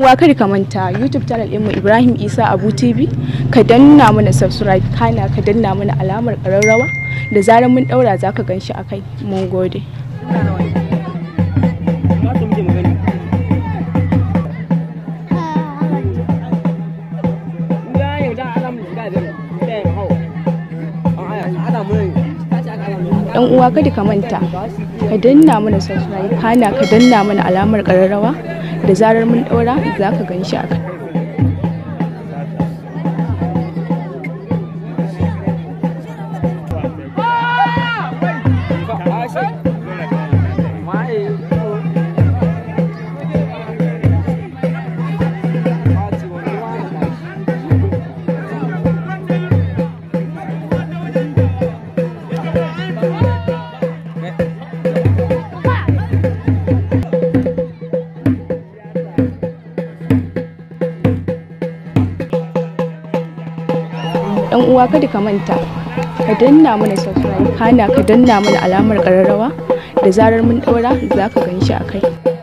uwa kada ka manta youtube channel mu ibrahim isa abu tv ka danna mana subscribe kana ka danna mana alamar kararrawa da zarar mun daura za ka ganshi a kai mun gode dan uwa kada ka manta ka danna mana subscribe kana ka danna mana alamar kararrawa da zarar mun ɗaura za ka gan shi a kan Thank you. yan uwa kada ka manta ka danna mana subscribe kana ka danna mana alamar kararrawa da zarar mun daura za ka gan shi a kai